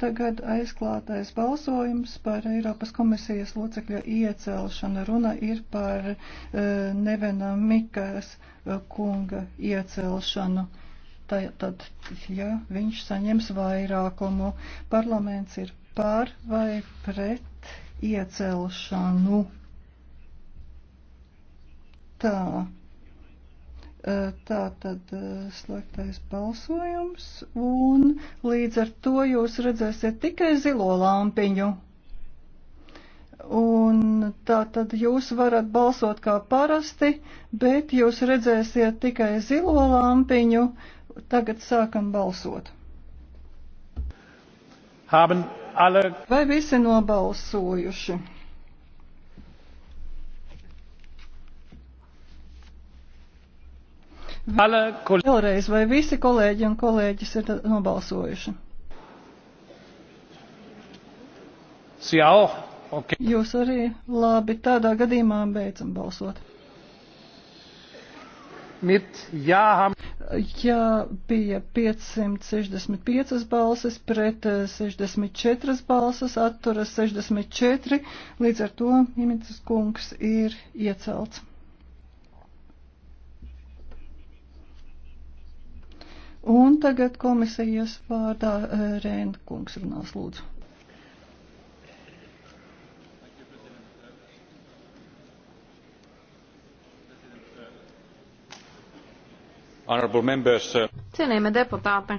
Tagad aizklātais balsojums par Eiropas komisijas locekļa iecelšanu. Runa ir par Nevena Mikas kunga iecelšanu tad, ja viņš saņems vairākumu, parlaments ir pār vai pret iecelšanu. Tā. Eh, tā tad eh, slēgtais balsojums, un līdz ar to jūs redzēsiet tikai zilo lampiņu. Un tā tad jūs varat balsot kā parasti, bet jūs redzēsiet tikai zilo lampiņu. Tagad sākam balsot. Haben alle... Vai visi nobalsojuši? Vēlreiz, vai visi kolēģi un kolēģis ir nobalsojuši? Okay. Jūs arī labi tādā gadījumā beidzam balsot. Mit jāham. Jā, bija 565 balsis pret 64 eh, balsis, atturas 64, līdz ar to Imants Kungs ir iecelts. Un tagad komisijas vārdā eh, Rēna kungs runās lūdzu. Uh, Cienījamie deputāti,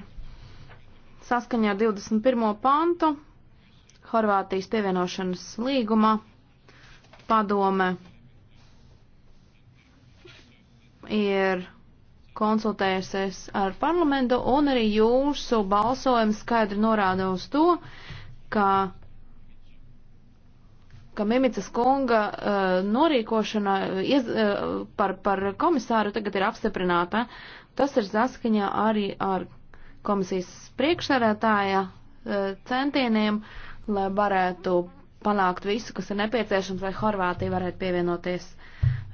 saskaņā ar 21. pantu Horvātijas pievienošanas līgumā padome ir konsultējusies ar parlamentu, un arī jūsu balsojums skaidri norāda uz to, ka, ka Mimicas kunga uh, eh, norīkošana eh, iez, uh, par, par komisāru tagad ir apstiprināta. Tas ir saskaņā arī ar komisijas priekšsarētāja uh, centieniem, lai varētu panākt visu, kas ir nepieciešams, lai Horvātija varētu pievienoties.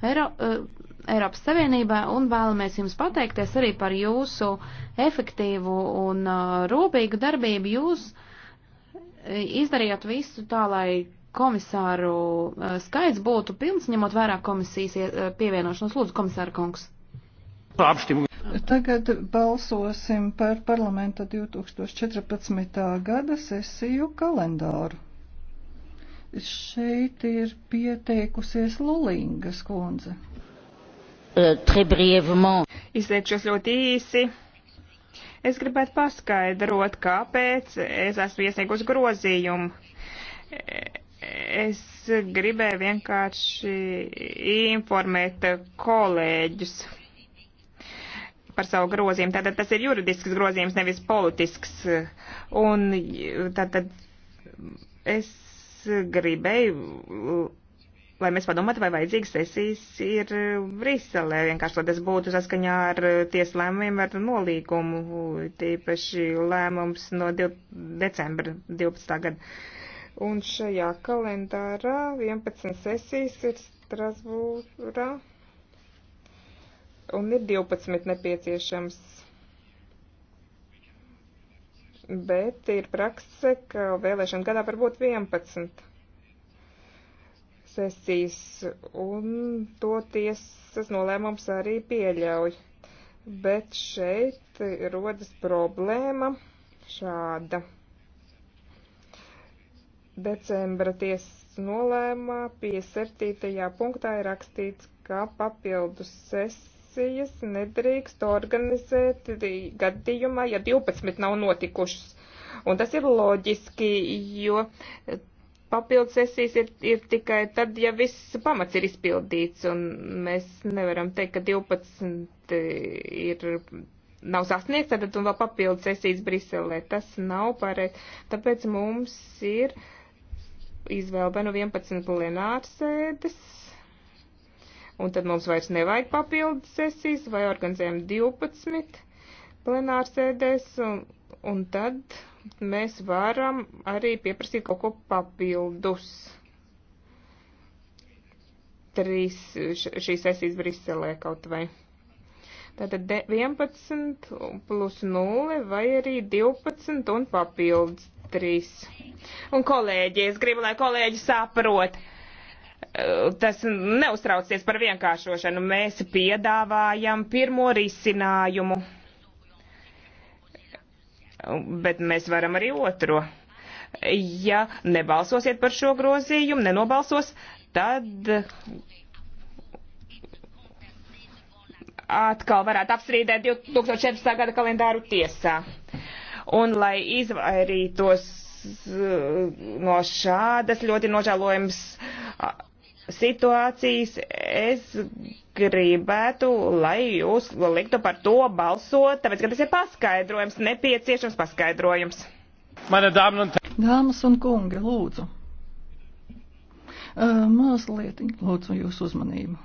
Eiro, uh, Eiropas Savienībā un vēlamies jums pateikties arī par jūsu efektīvu un uh, rūpīgu darbību. Jūs uh, izdarījāt visu tā, lai komisāru uh, skaits būtu pilns, ņemot vērā komisijas uh, pievienošanos. Lūdzu, komisāra kungs. Tagad balsosim par parlamenta 2014. gada sesiju kalendāru. Šeit ir pieteikusies Lulingas kundze. Eh, Izteikšos ļoti īsi. Es gribētu paskaidrot, kāpēc es esmu iesniegusi grozījumu. Es gribēju vienkārši informēt kolēģus par savu grozījumu. Tātad tas ir juridisks grozījums, nevis politisks. Un tātad es gribēju lai mēs padomātu, vai vajadzīgas sesijas ir uh, Briselē, vienkārši, lai tas būtu saskaņā ar uh, tiesu lēmumiem, ar nolīgumu, tīpaši lēmums no decembra 12. gada. Un šajā kalendārā 11 sesijas ir Strasbūrā un ir 12 nepieciešams. Bet ir prakse, ka vēlēšana gadā var būt 11 sesijas, un to tiesas nolēmums arī pieļauj. Bet šeit rodas problēma šāda. Decembra tiesas nolēmā pie 7. punktā ir rakstīts, ka papildus sesijas nedrīkst organizēt gadījumā, ja 12 nav notikušas. Un tas ir loģiski, jo papildu sesijas ir, ir tikai tad, ja viss pamats ir izpildīts, un mēs nevaram teikt, ka 12 ir, nav sasniegts, tad un vēl papildu sesijas Briselē. Tas nav pareizi. Tāpēc mums ir izvēle vai nu 11 plenārsēdes, un tad mums vairs nevajag papildu sesijas, vai organizējam 12 plenārsēdēs, un, Un tad mēs varam arī pieprasīt kaut ko papildus. Trīs šīs sesijas Briselē kaut vai. Tātad 11 plus 0 vai arī 12 un papildus 3. Un kolēģi, es gribu, lai kolēģi saprot, eh, tas neuztraucies par vienkāršošanu. Mēs piedāvājam pirmo risinājumu bet mēs varam arī otro. Ja nebalsosiet par šo grozījumu, nenobalsos, tad atkal varētu apstrīdēt 2014. gada kalendāru tiesā. Un, lai izvairītos uh, no šādas ļoti nožēlojams situācijas es gribētu, lai jūs liktu par to balsot, tāpēc, ka tas ir paskaidrojums, nepieciešams paskaidrojums. Dāmas un kungi, lūdzu. Uh, mazliet lūdzu jūsu uzmanību.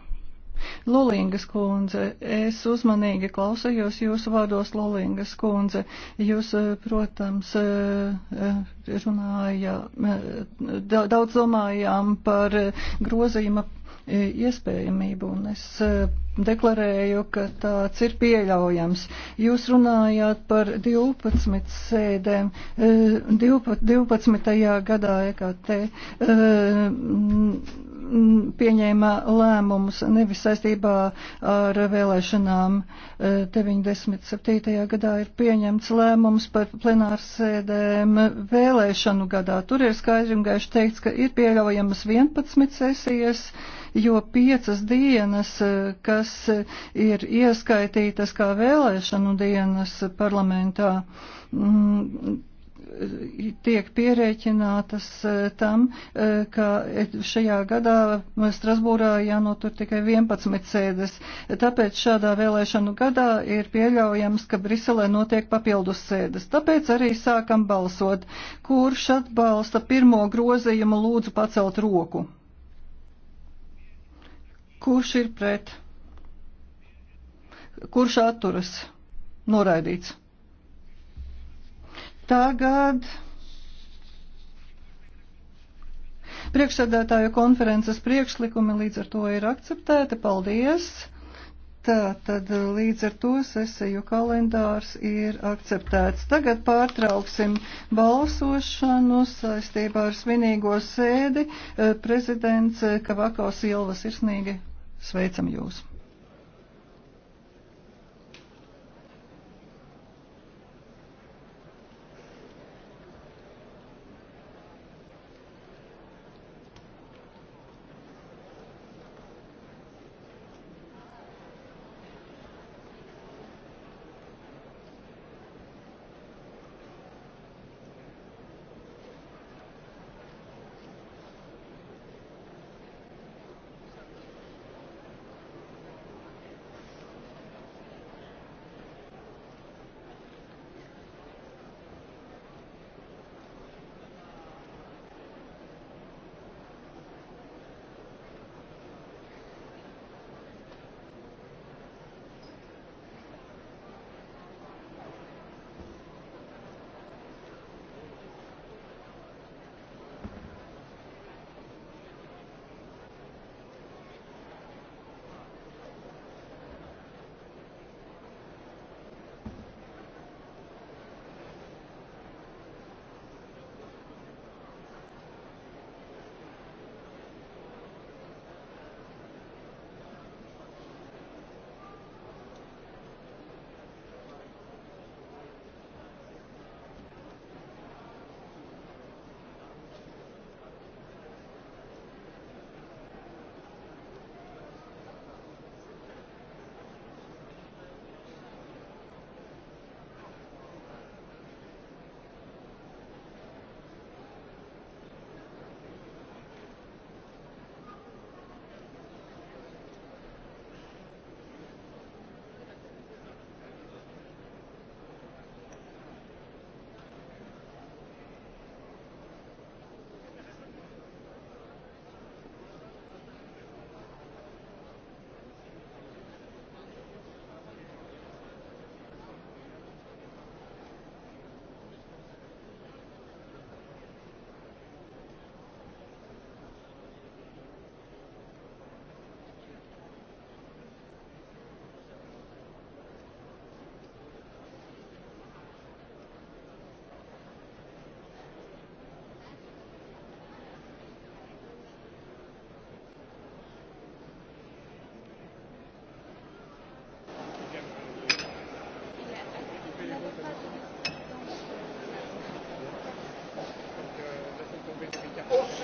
Lulingas kundze, es uzmanīgi klausējos jūsu vārdos, Lulingas kundze. Jūs, eh, protams, eh, runāja, eh, daudz domājām par grozījuma iespējamību, un es deklarēju, ka tāds ir pieļaujams. Jūs runājāt par 12 sēdēm, 12. gadā EKT. Mm, pieņēma lēmumus nevis saistībā ar vēlēšanām. 97. E, gadā ir pieņemts lēmums par plenārsēdēm vēlēšanu gadā. Tur ir skaidri un gaiši teikts, ka ir pieļaujamas 11 sesijas jo piecas dienas, e, kas ir ieskaitītas kā vēlēšanu dienas parlamentā, mm, tiek pierēķinātas e, tam, e, ka šajā gadā Strasbūrā jānotur tikai 11 sēdes. Tāpēc šādā vēlēšanu gadā ir pieļaujams, ka Briselē notiek papildus sēdes. Tāpēc arī sākam balsot, kurš atbalsta pirmo grozījumu lūdzu pacelt roku. Kurš ir pret? Kurš atturas? Noraidīts. Tagad priekšsēdētāju konferences priekšlikumi līdz ar to ir akceptēti. Paldies! Tā tad līdz ar to sesiju kalendārs ir akceptēts. Tagad pārtrauksim balsošanu saistībā ar svinīgo sēdi. Prezidents Kavako Silva sirsnīgi sveicam jūs!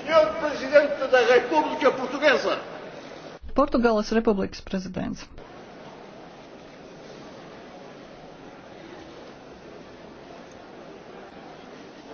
Senhor Presidente da República Portuguesa. Portugāles Republikas prezidents.